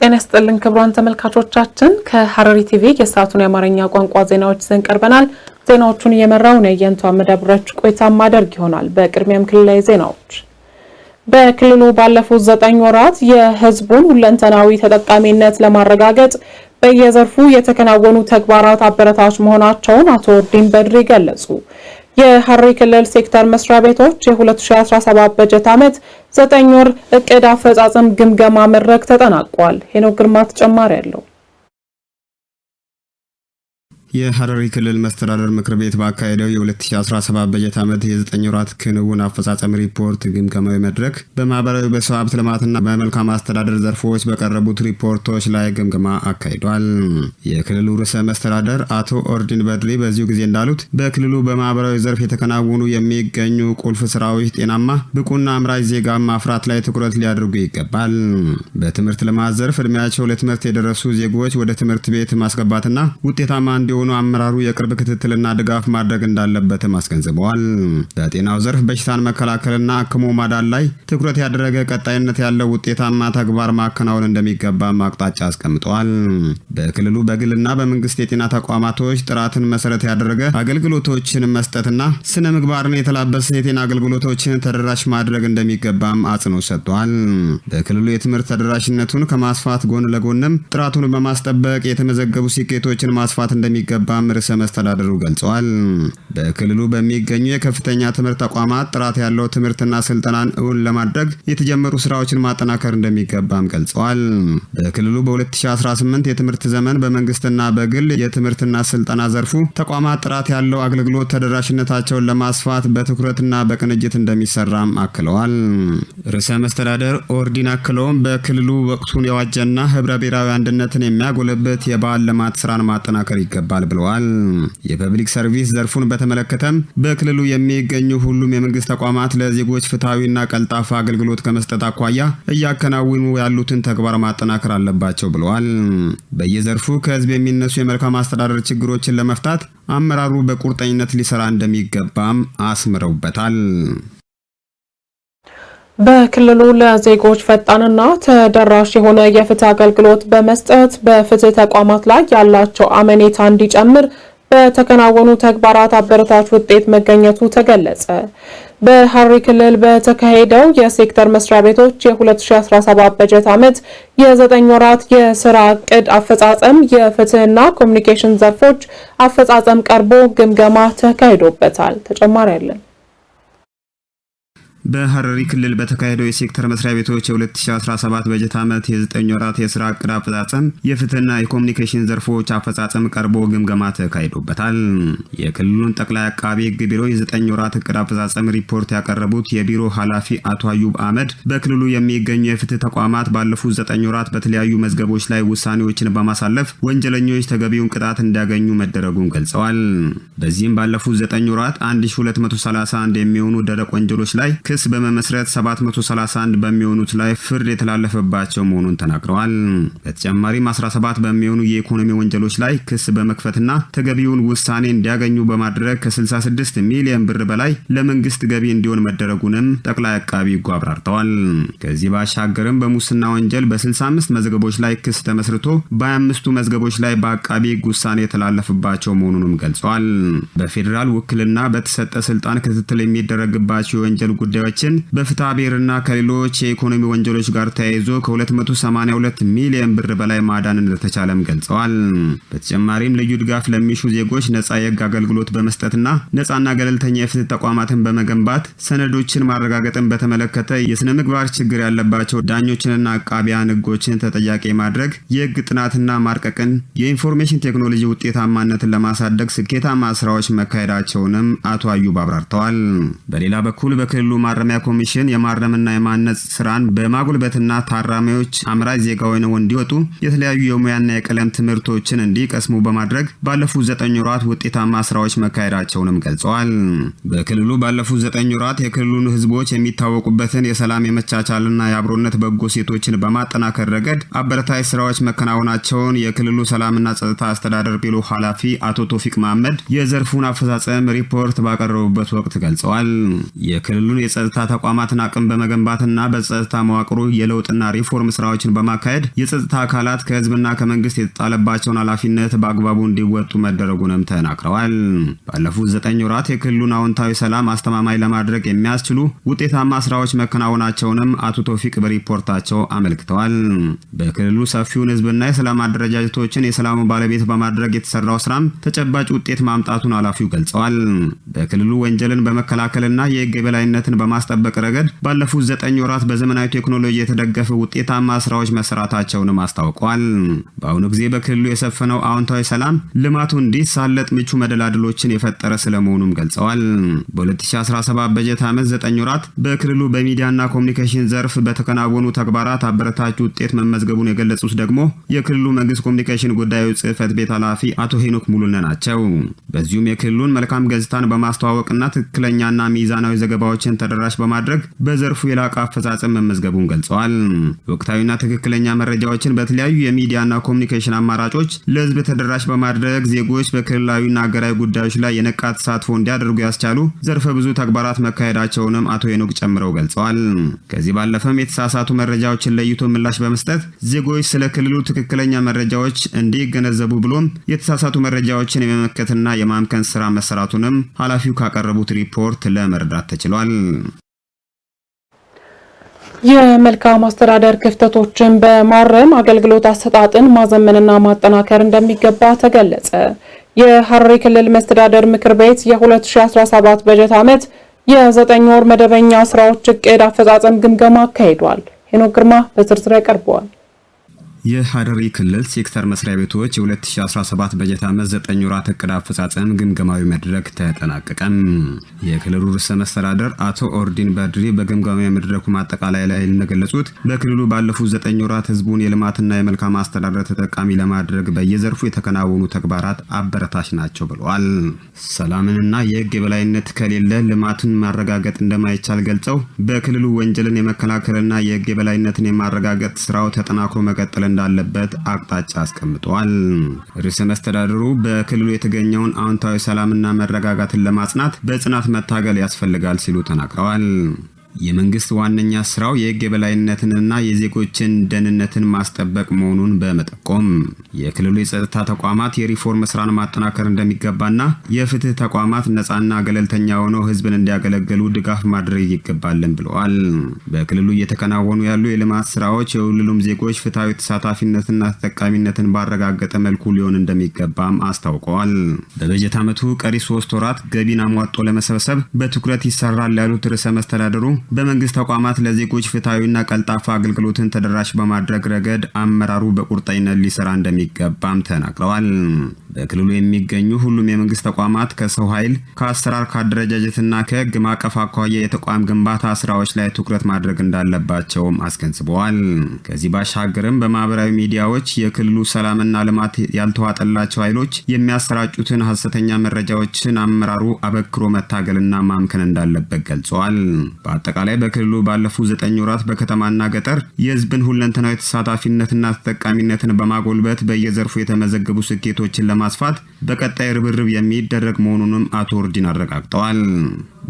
ጤና ይስጥልን ክቡራን ተመልካቾቻችን፣ ከሐረሪ ቲቪ የሰዓቱን የአማርኛ ቋንቋ ዜናዎች ይዘን ቀርበናል። ዜናዎቹን እየመራው ነየንቱ አመዳብራች ቆይታ ማደርግ ይሆናል። በቅድሚያም ክልላዊ ዜናዎች። በክልሉ ባለፉት ዘጠኝ ወራት የህዝቡን ሁለንተናዊ ተጠቃሚነት ለማረጋገጥ በየዘርፉ የተከናወኑ ተግባራት አበረታች መሆናቸውን አቶ ኦርዲን በድሪ ገለጹ። የሐረሪ ክልል ሴክተር መስሪያ ቤቶች የ2017 በጀት ዓመት ዘጠኝ ወር እቅድ አፈጻጸም ግምገማ መድረክ ተጠናቋል። ሄኖክ ግርማ ተጨማሪ አለው። የሐረሪ ክልል መስተዳደር ምክር ቤት ባካሄደው የ2017 በጀት ዓመት የዘጠኝ ወራት ክንውን አፈጻጸም ሪፖርት ግምገማዊ መድረክ በማህበራዊ በሰው ሀብት ልማትና በመልካም አስተዳደር ዘርፎች በቀረቡት ሪፖርቶች ላይ ግምገማ አካሂዷል። የክልሉ ርዕሰ መስተዳደር አቶ ኦርዲን በድሪ በዚሁ ጊዜ እንዳሉት በክልሉ በማህበራዊ ዘርፍ የተከናወኑ የሚገኙ ቁልፍ ስራዎች ጤናማ፣ ብቁና አምራች ዜጋ ማፍራት ላይ ትኩረት ሊያደርጉ ይገባል። በትምህርት ልማት ዘርፍ እድሜያቸው ለትምህርት የደረሱ ዜጎች ወደ ትምህርት ቤት ማስገባትና ውጤታማ እንዲሆኑ በመሆኑ አመራሩ የቅርብ ክትትልና ድጋፍ ማድረግ እንዳለበትም አስገንዝበዋል። በጤናው ዘርፍ በሽታን መከላከልና አክሞ ማዳን ላይ ትኩረት ያደረገ ቀጣይነት ያለው ውጤታማ ተግባር ማከናወን እንደሚገባም አቅጣጫ አስቀምጠዋል። በክልሉ በግልና በመንግስት የጤና ተቋማቶች ጥራትን መሰረት ያደረገ አገልግሎቶችን መስጠትና ስነ ምግባርን የተላበሰ የጤና አገልግሎቶችን ተደራሽ ማድረግ እንደሚገባም አጽንኦት ሰጥቷል። በክልሉ የትምህርት ተደራሽነቱን ከማስፋት ጎን ለጎንም ጥራቱን በማስጠበቅ የተመዘገቡ ስኬቶችን ማስፋት እንደሚ እንደሚገባም ርዕሰ መስተዳድሩ ገልጸዋል። በክልሉ በሚገኙ የከፍተኛ ትምህርት ተቋማት ጥራት ያለው ትምህርትና ስልጠናን እውን ለማድረግ የተጀመሩ ስራዎችን ማጠናከር እንደሚገባም ገልጸዋል። በክልሉ በ2018 የትምህርት ዘመን በመንግስትና በግል የትምህርትና ስልጠና ዘርፉ ተቋማት ጥራት ያለው አገልግሎት ተደራሽነታቸውን ለማስፋት በትኩረትና በቅንጅት እንደሚሰራም አክለዋል። ርዕሰ መስተዳደር ኦርዲን አክለውም በክልሉ ወቅቱን የዋጀና ህብረ ብሔራዊ አንድነትን የሚያጎለበት የባህል ልማት ስራን ማጠናከር ይገባል ተሰርቷል ብለዋል። የፐብሊክ ሰርቪስ ዘርፉን በተመለከተም በክልሉ የሚገኙ ሁሉም የመንግስት ተቋማት ለዜጎች ፍትሐዊና ቀልጣፋ አገልግሎት ከመስጠት አኳያ እያከናወኑ ያሉትን ተግባር ማጠናከር አለባቸው ብለዋል። በየዘርፉ ከህዝብ የሚነሱ የመልካም አስተዳደር ችግሮችን ለመፍታት አመራሩ በቁርጠኝነት ሊሰራ እንደሚገባም አስምረውበታል። በክልሉ ለዜጎች ፈጣንና ተደራሽ የሆነ የፍትህ አገልግሎት በመስጠት በፍትህ ተቋማት ላይ ያላቸው አመኔታ እንዲጨምር በተከናወኑ ተግባራት አበረታች ውጤት መገኘቱ ተገለጸ። በሐረሪ ክልል በተካሄደው የሴክተር መስሪያ ቤቶች የ2017 በጀት ዓመት የዘጠኝ ወራት የስራ እቅድ አፈጻጸም የፍትህና ኮሚኒኬሽን ዘርፎች አፈጻጸም ቀርቦ ግምገማ ተካሂዶበታል። ተጨማሪ አለን። በሐረሪ ክልል በተካሄደው የሴክተር መስሪያ ቤቶች የ2017 በጀት ዓመት የዘጠኝ ወራት የስራ እቅድ አፈጻጸም የፍትህና የኮሚኒኬሽን ዘርፎች አፈጻጸም ቀርቦ ግምገማ ተካሂዶበታል። የክልሉን ጠቅላይ አቃቢ ህግ ቢሮ የዘጠኝ ወራት እቅድ አፈጻጸም ሪፖርት ያቀረቡት የቢሮ ኃላፊ አቶ አዩብ አህመድ በክልሉ የሚገኙ የፍትህ ተቋማት ባለፉት ዘጠኝ ወራት በተለያዩ መዝገቦች ላይ ውሳኔዎችን በማሳለፍ ወንጀለኞች ተገቢውን ቅጣት እንዲያገኙ መደረጉን ገልጸዋል። በዚህም ባለፉት 9 ወራት 1231 የሚሆኑ ደረቅ ወንጀሎች ላይ ክስ በመመስረት 731 በሚሆኑት ላይ ፍርድ የተላለፈባቸው መሆኑን ተናግረዋል። በተጨማሪም 17 በሚሆኑ የኢኮኖሚ ወንጀሎች ላይ ክስ በመክፈትና ተገቢውን ውሳኔ እንዲያገኙ በማድረግ ከ66 ሚሊዮን ብር በላይ ለመንግስት ገቢ እንዲሆን መደረጉንም ጠቅላይ አቃቢ ሕጉ አብራርተዋል። ከዚህ ባሻገርም በሙስና ወንጀል በ65 መዝገቦች ላይ ክስ ተመስርቶ በ25ቱ መዝገቦች ላይ በአቃቢ ውሳኔ የተላለፈባቸው መሆኑንም ገልጸዋል። በፌዴራል ውክልና በተሰጠ ስልጣን ክትትል የሚደረግባቸው የወንጀል ጉዳዮች ጉዳዮችን በፍትሐ ብሔርና ከሌሎች የኢኮኖሚ ወንጀሎች ጋር ተያይዞ ከ282 ሚሊዮን ብር በላይ ማዳን እንደተቻለም ገልጸዋል። በተጨማሪም ልዩ ድጋፍ ለሚሹ ዜጎች ነጻ የህግ አገልግሎት በመስጠትና ነጻና ገለልተኛ የፍትህ ተቋማትን በመገንባት ሰነዶችን ማረጋገጥን በተመለከተ የስነ ምግባር ችግር ያለባቸው ዳኞችንና አቃቢያን ህጎችን ተጠያቂ ማድረግ፣ የህግ ጥናትና ማርቀቅን፣ የኢንፎርሜሽን ቴክኖሎጂ ውጤታማነትን ለማሳደግ ስኬታማ ስራዎች መካሄዳቸውንም አቶ አዩብ አብራርተዋል። በሌላ በኩል በክልሉ ማ ማረሚያ ኮሚሽን የማረምና የማነጽ ስራን በማጉልበትና ታራሚዎች አምራች ዜጋ ሆነው እንዲወጡ የተለያዩ የሙያና የቀለም ትምህርቶችን እንዲቀስሙ በማድረግ ባለፉት ዘጠኝ ወራት ውጤታማ ስራዎች መካሄዳቸውንም ገልጸዋል። በክልሉ ባለፉት ዘጠኝ ወራት የክልሉን ህዝቦች የሚታወቁበትን የሰላም የመቻቻልና የአብሮነት በጎ ሴቶችን በማጠናከር ረገድ አበረታይ ስራዎች መከናወናቸውን የክልሉ ሰላምና ጸጥታ አስተዳደር ቢሮ ኃላፊ አቶ ቶፊቅ መሐመድ የዘርፉን አፈጻጸም ሪፖርት ባቀረቡበት ወቅት ገልጸዋል። የክልሉን የጸጥታ ተቋማትን አቅም በመገንባትና በጸጥታ መዋቅሩ የለውጥና ሪፎርም ስራዎችን በማካሄድ የጸጥታ አካላት ከህዝብና ከመንግስት የተጣለባቸውን ኃላፊነት በአግባቡ እንዲወጡ መደረጉንም ተናግረዋል። ባለፉት ዘጠኝ ወራት የክልሉን አዎንታዊ ሰላም አስተማማኝ ለማድረግ የሚያስችሉ ውጤታማ ስራዎች መከናወናቸውንም አቶ ቶፊቅ በሪፖርታቸው አመልክተዋል። በክልሉ ሰፊውን ህዝብና የሰላም አደረጃጀቶችን የሰላሙ ባለቤት በማድረግ የተሰራው ስራም ተጨባጭ ውጤት ማምጣቱን ኃላፊው ገልጸዋል። በክልሉ ወንጀልን በመከላከልና የህግ የበላይነትን በማስጠበቅ ረገድ ባለፉት ዘጠኝ ወራት በዘመናዊ ቴክኖሎጂ የተደገፈ ውጤታማ ስራዎች መሰራታቸውንም አስታውቋል። በአሁኑ ጊዜ በክልሉ የሰፈነው አዎንታዊ ሰላም ልማቱ እንዲሳለጥ ምቹ መደላድሎችን የፈጠረ ስለመሆኑም ገልጸዋል። በ2017 በጀት ዓመት ዘጠኝ ወራት በክልሉ በሚዲያና ኮሚኒኬሽን ዘርፍ በተከናወኑ ተግባራት አበረታች ውጤት መመዝገቡን የገለጹት ደግሞ የክልሉ መንግስት ኮሚኒኬሽን ጉዳዮች ጽህፈት ቤት ኃላፊ አቶ ሄኖክ ሙሉነ ናቸው። በዚሁም የክልሉን መልካም ገጽታን በማስተዋወቅና ትክክለኛና ሚዛናዊ ዘገባዎችን ተደ ተደራሽ በማድረግ በዘርፉ የላቀ አፈጻጸም መመዝገቡን ገልጸዋል። ወቅታዊና ትክክለኛ መረጃዎችን በተለያዩ የሚዲያና ኮሚኒኬሽን አማራጮች ለህዝብ ተደራሽ በማድረግ ዜጎች በክልላዊና ሀገራዊ ጉዳዮች ላይ የነቃ ተሳትፎ እንዲያደርጉ ያስቻሉ ዘርፈ ብዙ ተግባራት መካሄዳቸውንም አቶ ሄኖክ ጨምረው ገልጸዋል። ከዚህ ባለፈም የተሳሳቱ መረጃዎችን ለይቶ ምላሽ በመስጠት ዜጎች ስለ ክልሉ ትክክለኛ መረጃዎች እንዲገነዘቡ ብሎም የተሳሳቱ መረጃዎችን የመመከትና የማምከን ስራ መሰራቱንም ኃላፊው ካቀረቡት ሪፖርት ለመረዳት ተችሏል። የመልካም አስተዳደር ክፍተቶችን በማረም አገልግሎት አሰጣጥን ማዘመንና ማጠናከር እንደሚገባ ተገለጸ። የሐረሪ ክልል መስተዳደር ምክር ቤት የ2017 በጀት ዓመት የዘጠኝ ወር መደበኛ ስራዎች እቅድ አፈጻጸም ግምገማ አካሂዷል። ሄኖክ ግርማ በዝርዝር ያቀርበዋል። የሀረሪ ክልል ሴክተር መስሪያ ቤቶች የ2017 በጀት ዓመት ዘጠኝ ወራት እቅድ አፈጻጸም ግምገማዊ መድረክ ተጠናቀቀም። የክልሉ ርዕሰ መስተዳደር አቶ ኦርዲን በድሪ በግምገማዊ መድረኩ ማጠቃላይ ላይ እንደገለጹት በክልሉ ባለፉት ዘጠኝ ወራት ህዝቡን የልማትና የመልካም አስተዳደር ተጠቃሚ ለማድረግ በየዘርፉ የተከናወኑ ተግባራት አበረታች ናቸው ብለዋል። ሰላምንና የህግ የበላይነት ከሌለ ልማትን ማረጋገጥ እንደማይቻል ገልጸው በክልሉ ወንጀልን የመከላከልና የህግ የበላይነትን የማረጋገጥ ስራው ተጠናክሮ መቀጠል እንዳለበት አቅጣጫ አስቀምጠዋል። ርዕሰ መስተዳድሩ በክልሉ የተገኘውን አዎንታዊ ሰላምና መረጋጋትን ለማጽናት በጽናት መታገል ያስፈልጋል ሲሉ ተናግረዋል። የመንግስት ዋነኛ ስራው የህግ የበላይነትንና የዜጎችን ደህንነትን ማስጠበቅ መሆኑን በመጠቆም የክልሉ የጸጥታ ተቋማት የሪፎርም ስራን ማጠናከር እንደሚገባና የፍትህ ተቋማት ነፃና ገለልተኛ ሆነው ህዝብን እንዲያገለግሉ ድጋፍ ማድረግ ይገባልን ብለዋል። በክልሉ እየተከናወኑ ያሉ የልማት ስራዎች የሁሉም ዜጎች ፍትሐዊ ተሳታፊነትና ተጠቃሚነትን ባረጋገጠ መልኩ ሊሆን እንደሚገባም አስታውቀዋል። በበጀት ዓመቱ ቀሪ ሶስት ወራት ገቢን አሟጦ ለመሰብሰብ በትኩረት ይሰራል ያሉት ርዕሰ መስተዳደሩ በመንግስት ተቋማት ለዜጎች ፍትሐዊና ቀልጣፋ አገልግሎትን ተደራሽ በማድረግ ረገድ አመራሩ በቁርጠኝነት ሊሰራ እንደሚገባም ተናግረዋል። በክልሉ የሚገኙ ሁሉም የመንግስት ተቋማት ከሰው ኃይል፣ ከአሰራር፣ ከአደረጃጀትና ከህግ ማቀፍ አኳያ የተቋም ግንባታ ስራዎች ላይ ትኩረት ማድረግ እንዳለባቸውም አስገንዝበዋል። ከዚህ ባሻገርም በማህበራዊ ሚዲያዎች የክልሉ ሰላምና ልማት ያልተዋጠላቸው ኃይሎች የሚያሰራጩትን ሀሰተኛ መረጃዎችን አመራሩ አበክሮ መታገልና ማምከን እንዳለበት ገልጸዋል። በአጠቃላይ በክልሉ ባለፉት ዘጠኝ ወራት በከተማና ገጠር የህዝብን ሁለንተናዊ ተሳታፊነትና ተጠቃሚነትን በማጎልበት በየዘርፉ የተመዘገቡ ስኬቶችን ለማስፋት በቀጣይ ርብርብ የሚደረግ መሆኑንም አቶ ኦርዲን አረጋግጠዋል።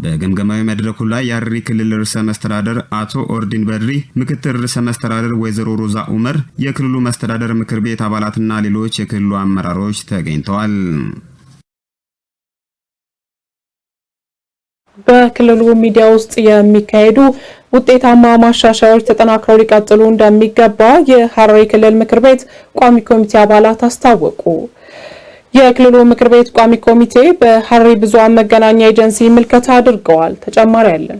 በግምገማዊ መድረኩ ላይ የሐረሪ ክልል ርዕሰ መስተዳደር አቶ ኦርዲን በድሪ፣ ምክትል ርዕሰ መስተዳደር ወይዘሮ ሮዛ ኡመር፣ የክልሉ መስተዳደር ምክር ቤት አባላትና ሌሎች የክልሉ አመራሮች ተገኝተዋል። በክልሉ ሚዲያ ውስጥ የሚካሄዱ ውጤታማ ማሻሻያዎች ተጠናክረው ሊቀጥሉ እንደሚገባ የሐረሪ ክልል ምክር ቤት ቋሚ ኮሚቴ አባላት አስታወቁ። የክልሉ ምክር ቤት ቋሚ ኮሚቴ በሐረሪ ብዙሃን መገናኛ ኤጀንሲ ምልከታ አድርገዋል። ተጨማሪ አለን።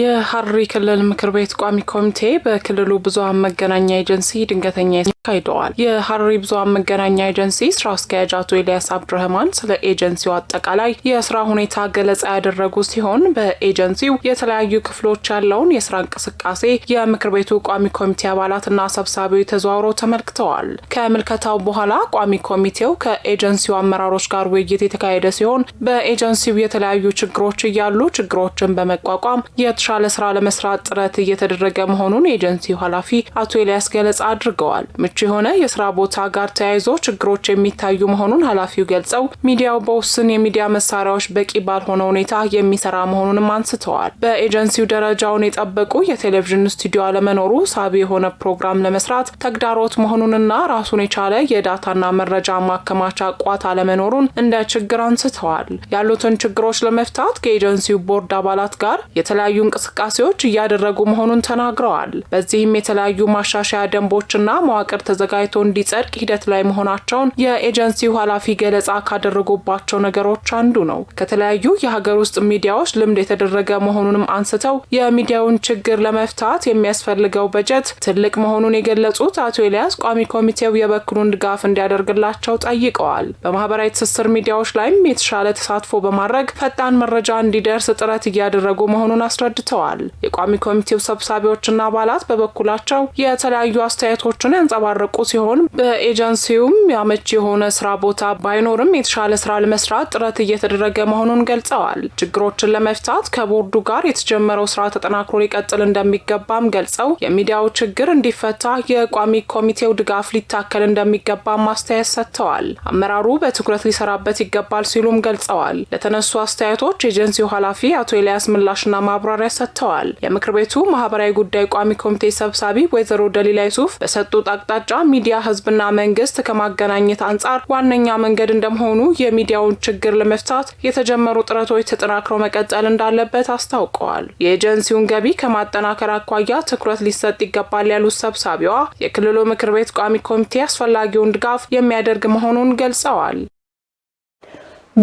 የሐረሪ ክልል ምክር ቤት ቋሚ ኮሚቴ በክልሉ ብዙሃን መገናኛ ኤጀንሲ ድንገተኛ ካሂደዋል። የሐረሪ ብዙሃን መገናኛ ኤጀንሲ ስራ አስኪያጅ አቶ ኤልያስ አብድረህማን ስለ ኤጀንሲው አጠቃላይ የስራ ሁኔታ ገለጻ ያደረጉ ሲሆን በኤጀንሲው የተለያዩ ክፍሎች ያለውን የስራ እንቅስቃሴ የምክር ቤቱ ቋሚ ኮሚቴ አባላትና ሰብሳቢው ተዘዋውረው ተመልክተዋል። ከምልከታው በኋላ ቋሚ ኮሚቴው ከኤጀንሲው አመራሮች ጋር ውይይት የተካሄደ ሲሆን በኤጀንሲው የተለያዩ ችግሮች እያሉ ችግሮችን በመቋቋም የተሻለ ስራ ለመስራት ጥረት እየተደረገ መሆኑን የኤጀንሲው ኃላፊ አቶ ኤልያስ ገለጻ አድርገዋል። ምቹ የሆነ የስራ ቦታ ጋር ተያይዞ ችግሮች የሚታዩ መሆኑን ኃላፊው ገልጸው ሚዲያው በውስን የሚዲያ መሳሪያዎች በቂ ባልሆነ ሁኔታ የሚሰራ መሆኑንም አንስተዋል። በኤጀንሲው ደረጃውን የጠበቁ የቴሌቪዥን ስቱዲዮ አለመኖሩ ሳቢ የሆነ ፕሮግራም ለመስራት ተግዳሮት መሆኑንና ራሱን የቻለ የዳታና መረጃ ማከማቻ ቋት አለመኖሩን እንደ ችግር አንስተዋል። ያሉትን ችግሮች ለመፍታት ከኤጀንሲው ቦርድ አባላት ጋር የተለያዩ እንቅስቃሴዎች እያደረጉ መሆኑን ተናግረዋል። በዚህም የተለያዩ ማሻሻያ ደንቦችና መዋቅር ተዘጋጅቶ እንዲጸድቅ ሂደት ላይ መሆናቸውን የኤጀንሲው ኃላፊ ገለጻ ካደረጉባቸው ነገሮች አንዱ ነው። ከተለያዩ የሀገር ውስጥ ሚዲያዎች ልምድ የተደረገ መሆኑንም አንስተው የሚዲያውን ችግር ለመፍታት የሚያስፈልገው በጀት ትልቅ መሆኑን የገለጹት አቶ ኤልያስ ቋሚ ኮሚቴው የበኩሉን ድጋፍ እንዲያደርግላቸው ጠይቀዋል። በማህበራዊ ትስስር ሚዲያዎች ላይም የተሻለ ተሳትፎ በማድረግ ፈጣን መረጃ እንዲደርስ ጥረት እያደረጉ መሆኑን አስረዳል። አስረድተዋል። የቋሚ ኮሚቴው ሰብሳቢዎችና አባላት በበኩላቸው የተለያዩ አስተያየቶችን ያንጸባረቁ ሲሆን በኤጀንሲውም ያመች የሆነ ስራ ቦታ ባይኖርም የተሻለ ስራ ለመስራት ጥረት እየተደረገ መሆኑን ገልጸዋል። ችግሮችን ለመፍታት ከቦርዱ ጋር የተጀመረው ስራ ተጠናክሮ ሊቀጥል እንደሚገባም ገልጸው የሚዲያው ችግር እንዲፈታ የቋሚ ኮሚቴው ድጋፍ ሊታከል እንደሚገባም አስተያየት ሰጥተዋል። አመራሩ በትኩረት ሊሰራበት ይገባል ሲሉም ገልጸዋል። ለተነሱ አስተያየቶች ኤጀንሲው ኃላፊ አቶ ኤልያስ ምላሽና ማብራሪያ ማብራሪያ ሰጥተዋል። የምክር ቤቱ ማህበራዊ ጉዳይ ቋሚ ኮሚቴ ሰብሳቢ ወይዘሮ ደሊላ ይሱፍ በሰጡት አቅጣጫ ሚዲያ ህዝብና መንግስት ከማገናኘት አንጻር ዋነኛ መንገድ እንደመሆኑ የሚዲያውን ችግር ለመፍታት የተጀመሩ ጥረቶች ተጠናክረው መቀጠል እንዳለበት አስታውቀዋል። የኤጀንሲውን ገቢ ከማጠናከር አኳያ ትኩረት ሊሰጥ ይገባል ያሉት ሰብሳቢዋ የክልሉ ምክር ቤት ቋሚ ኮሚቴ አስፈላጊውን ድጋፍ የሚያደርግ መሆኑን ገልጸዋል።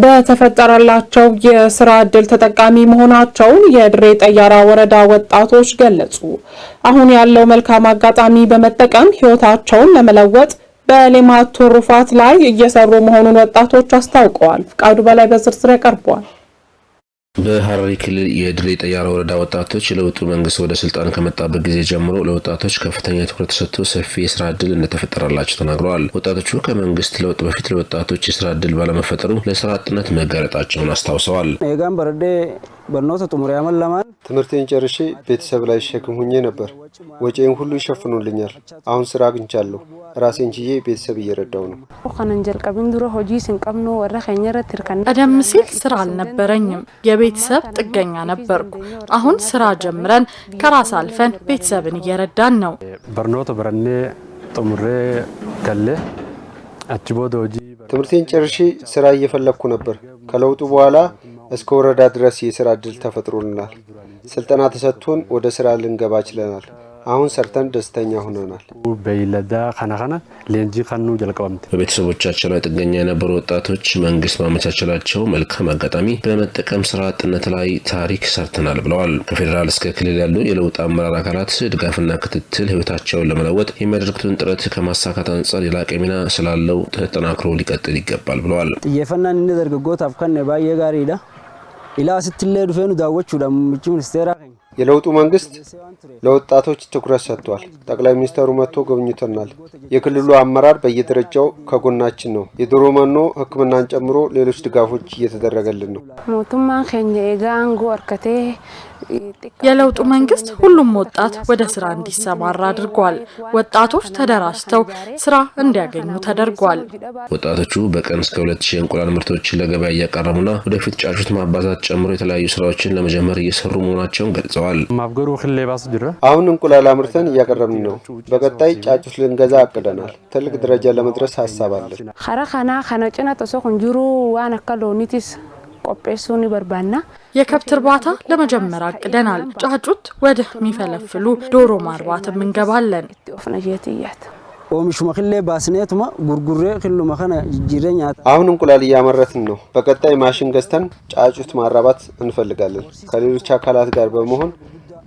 በተፈጠረላቸው የስራ ዕድል ተጠቃሚ መሆናቸውን የድሬ ጠያራ ወረዳ ወጣቶች ገለጹ። አሁን ያለው መልካም አጋጣሚ በመጠቀም ህይወታቸውን ለመለወጥ በሌማት ትሩፋት ላይ እየሰሩ መሆኑን ወጣቶች አስታውቀዋል። ፍቃዱ በላይ በዝርዝር ያቀርበዋል። በሐረሪ ክልል የድሬ ጠያራ ወረዳ ወጣቶች ለውጡ መንግስት ወደ ስልጣን ከመጣበት ጊዜ ጀምሮ ለወጣቶች ከፍተኛ ትኩረት ተሰጥቶ ሰፊ የስራ እድል እንደተፈጠረላቸው ተናግረዋል። ወጣቶቹ ከመንግስት ለውጥ በፊት ለወጣቶች የስራ እድል ባለመፈጠሩ ለስራ አጥነት መጋለጣቸውን አስታውሰዋል። ጋን በረዴ በኖተ ጡሙሪያ መለማን ትምህርቴን ጨርሼ ቤተሰብ ላይ ሸክም ሁኜ ነበር። ወጪን ሁሉ ይሸፍኑልኛል። አሁን ስራ አግኝቻለሁ። ራሴን ችዬ ቤተሰብ እየረዳው ነው። ቀደም ሲል ስራ አልነበረኝም፣ የቤተሰብ ጥገኛ ነበርኩ። አሁን ስራ ጀምረን ከራስ አልፈን ቤተሰብን እየረዳን ነው። በርኖቶ በረኔ ጥሙሬ ከሌ ትምህርቴን ጨርሼ ስራ እየፈለግኩ ነበር። ከለውጡ በኋላ እስከ ወረዳ ድረስ የስራ እድል ተፈጥሮልናል። ስልጠና ተሰጥቶን ወደ ስራ ልንገባ ችለናል። አሁን ሰርተን ደስተኛ ሆነናል። በይለዳ ከናከና ሌንጂ ከኑ ጀልቀምት በቤተሰቦቻቸው ላይ ጥገኛ የነበሩ ወጣቶች መንግስት ማመቻቸላቸው መልካም አጋጣሚ በመጠቀም ስራ አጥነት ላይ ታሪክ ሰርተናል ብለዋል። ከፌዴራል እስከ ክልል ያሉ የለውጥ አመራር አካላት ድጋፍና ክትትል ህይወታቸውን ለመለወጥ የሚያደርጉትን ጥረት ከማሳካት አንጻር የላቀ ሚና ስላለው ተጠናክሮ ሊቀጥል ይገባል ብለዋል። ጥየፈናን እንደደርግጎት አፍከን ባየ ጋሪዳ ila sitti illee dhufee nu daawwachuudhaan muummichi ministeeraa keenya. የለውጡ መንግስት ለወጣቶች ትኩረት ሰጥቷል። ጠቅላይ ሚኒስተሩ መጥቶ ጎብኝቶናል። የክልሉ አመራር በየደረጃው ከጎናችን ነው። የዶሮ መኖ ሕክምናን ጨምሮ ሌሎች ድጋፎች እየተደረገልን ነው። የለውጡ መንግስት ሁሉም ወጣት ወደ ስራ እንዲሰማራ አድርጓል። ወጣቶች ተደራጅተው ስራ እንዲያገኙ ተደርጓል። ወጣቶቹ በቀን እስከ ሁለት ሺህ እንቁላል ምርቶችን ለገበያ እያቀረቡና ወደፊት ጫጩት ማባዛት ጨምሮ የተለያዩ ስራዎችን ለመጀመር እየሰሩ መሆናቸውን ገልጸዋል። ገልጸዋል። አሁን እንቁላል አምርተን እያቀረብን ነው። በቀጣይ ጫጩት ልንገዛ አቅደናል። ትልቅ ደረጃ ለመድረስ ሀሳብ አለን። ከረከና ከነጭና ጠሶ ኩንጅሩ ዋን አካሎኒቲስ ቆጴሱን ይበርባና የከብት እርባታ ለመጀመር አቅደናል። ጫጩት ወደ ሚፈለፍሉ ዶሮ ማርባትም እንገባለን። ኦሚሹመ ክሌ ባስኔቱማ ጉርጉሬ ክሉመ ከነ ጅጅሬ አሁን እንቁላል እያመረትን ነው። በቀጣይ ማሽን ገዝተን ጫጩት ማራባት እንፈልጋለን። ከሌሎች አካላት ጋር በመሆን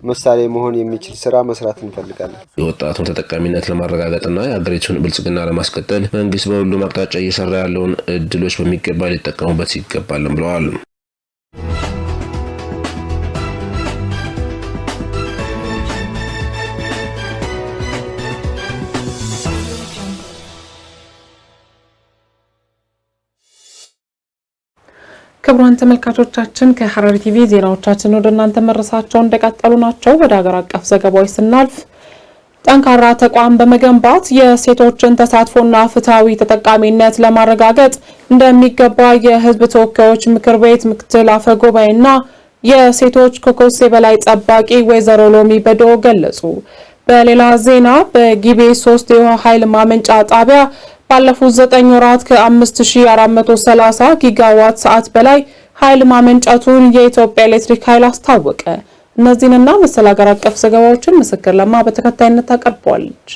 ምሳሌ መሆን የሚችል ስራ መስራት እንፈልጋለን። የወጣቱን ተጠቃሚነት ለማረጋገጥና የሀገሪቱን ብልጽግና ለማስቀጠል መንግስት በሁሉም አቅጣጫ እየሰራ ያለውን እድሎች በሚገባ ሊጠቀሙበት ይገባልን ብለዋል። ክቡራን ተመልካቾቻችን ከሐረሪ ቲቪ ዜናዎቻችን ወደ እናንተ መረሳቸው እንደቀጠሉ ናቸው። ወደ ሀገር አቀፍ ዘገባዎች ስናልፍ ጠንካራ ተቋም በመገንባት የሴቶችን ተሳትፎና ፍትሐዊ ተጠቃሚነት ለማረጋገጥ እንደሚገባ የሕዝብ ተወካዮች ምክር ቤት ምክትል አፈ ጉባኤና የሴቶች ኮከስ የበላይ ጠባቂ ወይዘሮ ሎሚ በዶ ገለጹ። በሌላ ዜና በጊቤ ሶስት የውሃ ኃይል ማመንጫ ጣቢያ ባለፉት ዘጠኝ ወራት ከ5430 ጊጋዋት ሰዓት በላይ ኃይል ማመንጨቱን የኢትዮጵያ ኤሌክትሪክ ኃይል አስታወቀ። እነዚህንና መሰል ሀገር አቀፍ ዘገባዎችን ምስክር ለማ በተከታይነት ታቀርበዋለች።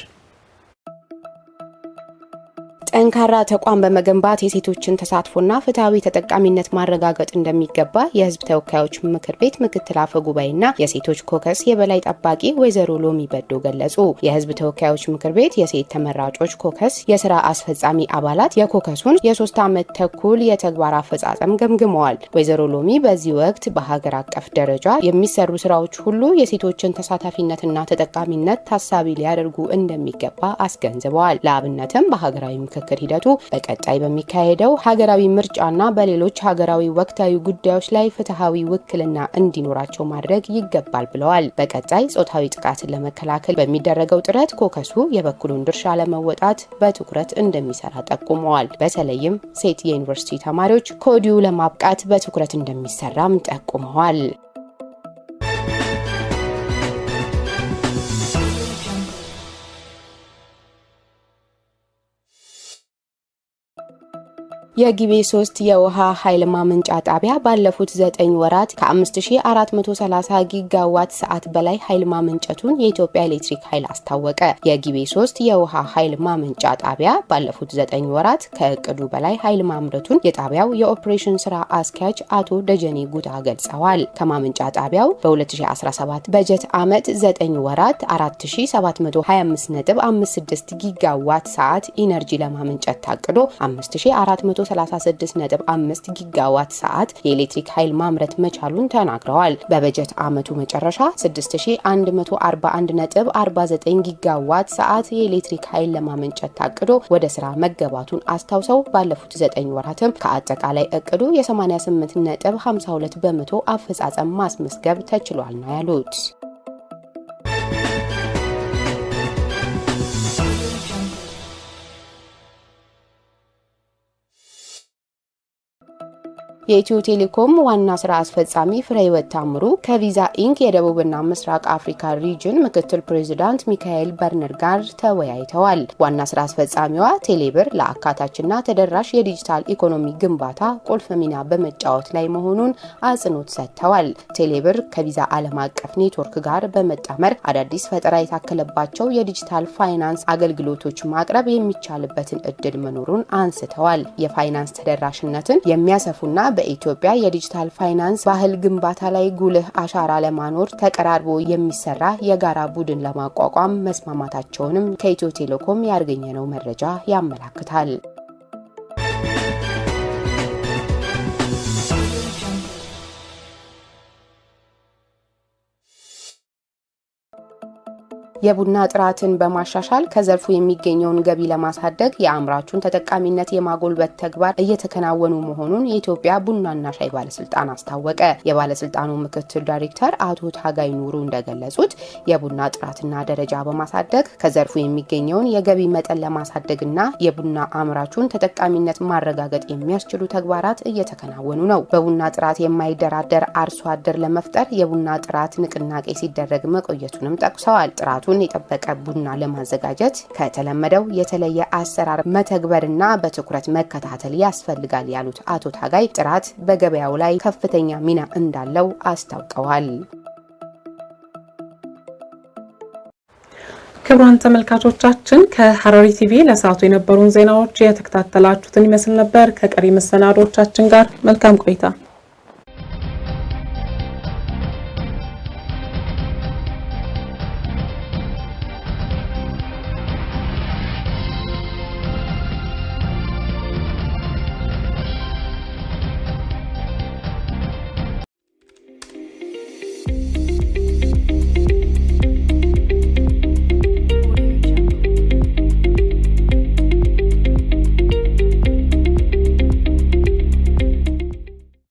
ጠንካራ ተቋም በመገንባት የሴቶችን ተሳትፎና ፍትሐዊ ተጠቃሚነት ማረጋገጥ እንደሚገባ የህዝብ ተወካዮች ምክር ቤት ምክትል አፈ ጉባኤና የሴቶች ኮከስ የበላይ ጠባቂ ወይዘሮ ሎሚ በዶ ገለጹ። የህዝብ ተወካዮች ምክር ቤት የሴት ተመራጮች ኮከስ የስራ አስፈጻሚ አባላት የኮከሱን የሶስት ዓመት ተኩል የተግባር አፈጻጸም ገምግመዋል። ወይዘሮ ሎሚ በዚህ ወቅት በሀገር አቀፍ ደረጃ የሚሰሩ ስራዎች ሁሉ የሴቶችን ተሳታፊነትና ተጠቃሚነት ታሳቢ ሊያደርጉ እንደሚገባ አስገንዝበዋል። ለአብነትም በሀገራዊ ምክክል የምክክር ሂደቱ በቀጣይ በሚካሄደው ሀገራዊ ምርጫና በሌሎች ሀገራዊ ወቅታዊ ጉዳዮች ላይ ፍትሐዊ ውክልና እንዲኖራቸው ማድረግ ይገባል ብለዋል። በቀጣይ ጾታዊ ጥቃትን ለመከላከል በሚደረገው ጥረት ኮከሱ የበኩሉን ድርሻ ለመወጣት በትኩረት እንደሚሰራ ጠቁመዋል። በተለይም ሴት የዩኒቨርሲቲ ተማሪዎች ከወዲሁ ለማብቃት በትኩረት እንደሚሰራም ጠቁመዋል። የጊቤ ሶስት የውሃ ኃይል ማመንጫ ጣቢያ ባለፉት ዘጠኝ ወራት ከ5430 ጊጋዋት ሰዓት በላይ ኃይል ማመንጨቱን የኢትዮጵያ ኤሌክትሪክ ኃይል አስታወቀ። የጊቤ ሶስት የውሃ ኃይል ማመንጫ ጣቢያ ባለፉት ዘጠኝ ወራት ከእቅዱ በላይ ኃይል ማምረቱን የጣቢያው የኦፕሬሽን ስራ አስኪያጅ አቶ ደጀኔ ጉታ ገልጸዋል። ከማመንጫ ጣቢያው በ2017 በጀት ዓመት ዘጠኝ ወራት 4725.56 ጊጋዋት ሰዓት ኢነርጂ ለማመንጨት ታቅዶ 5 በ36.5 ጊጋዋት ሰዓት የኤሌክትሪክ ኃይል ማምረት መቻሉን ተናግረዋል። በበጀት ዓመቱ መጨረሻ 6141.49 ጊጋዋት ሰዓት የኤሌክትሪክ ኃይል ለማመንጨት ታቅዶ ወደ ስራ መገባቱን አስታውሰው ባለፉት 9 ወራትም ከአጠቃላይ እቅዱ የ88.52 በመቶ አፈጻጸም ማስመስገብ ተችሏል ነው ያሉት። የኢትዮ ቴሌኮም ዋና ስራ አስፈጻሚ ፍሬህይወት ታምሩ ከቪዛ ኢንክ የደቡብና ምስራቅ አፍሪካ ሪጅን ምክትል ፕሬዚዳንት ሚካኤል በርነር ጋር ተወያይተዋል። ዋና ስራ አስፈጻሚዋ ቴሌብር ለአካታችና ተደራሽ የዲጂታል ኢኮኖሚ ግንባታ ቁልፍ ሚና በመጫወት ላይ መሆኑን አጽንኦት ሰጥተዋል። ቴሌብር ከቪዛ ዓለም አቀፍ ኔትወርክ ጋር በመጣመር አዳዲስ ፈጠራ የታከለባቸው የዲጂታል ፋይናንስ አገልግሎቶች ማቅረብ የሚቻልበትን እድል መኖሩን አንስተዋል። የፋይናንስ ተደራሽነትን የሚያሰፉና በኢትዮጵያ የዲጂታል ፋይናንስ ባህል ግንባታ ላይ ጉልህ አሻራ ለማኖር ተቀራርቦ የሚሰራ የጋራ ቡድን ለማቋቋም መስማማታቸውንም ከኢትዮ ቴሌኮም ያገኘነው መረጃ ያመላክታል። የቡና ጥራትን በማሻሻል ከዘርፉ የሚገኘውን ገቢ ለማሳደግ የአምራቹን ተጠቃሚነት የማጎልበት ተግባር እየተከናወኑ መሆኑን የኢትዮጵያ ቡናና ሻይ ባለስልጣን አስታወቀ። የባለስልጣኑ ምክትል ዳይሬክተር አቶ ታጋይ ኑሩ እንደገለጹት የቡና ጥራትና ደረጃ በማሳደግ ከዘርፉ የሚገኘውን የገቢ መጠን ለማሳደግና የቡና አምራቹን ተጠቃሚነት ማረጋገጥ የሚያስችሉ ተግባራት እየተከናወኑ ነው። በቡና ጥራት የማይደራደር አርሶ አደር ለመፍጠር የቡና ጥራት ንቅናቄ ሲደረግ መቆየቱንም ጠቅሰዋል። ጥራቱ ጥራቱን የጠበቀ ቡና ለማዘጋጀት ከተለመደው የተለየ አሰራር መተግበርና በትኩረት መከታተል ያስፈልጋል ያሉት አቶ ታጋይ ጥራት በገበያው ላይ ከፍተኛ ሚና እንዳለው አስታውቀዋል። ክቡራን ተመልካቾቻችን ከሐረሪ ቲቪ ለሰዓቱ የነበሩን ዜናዎች የተከታተላችሁትን ይመስል ነበር። ከቀሪ መሰናዶቻችን ጋር መልካም ቆይታ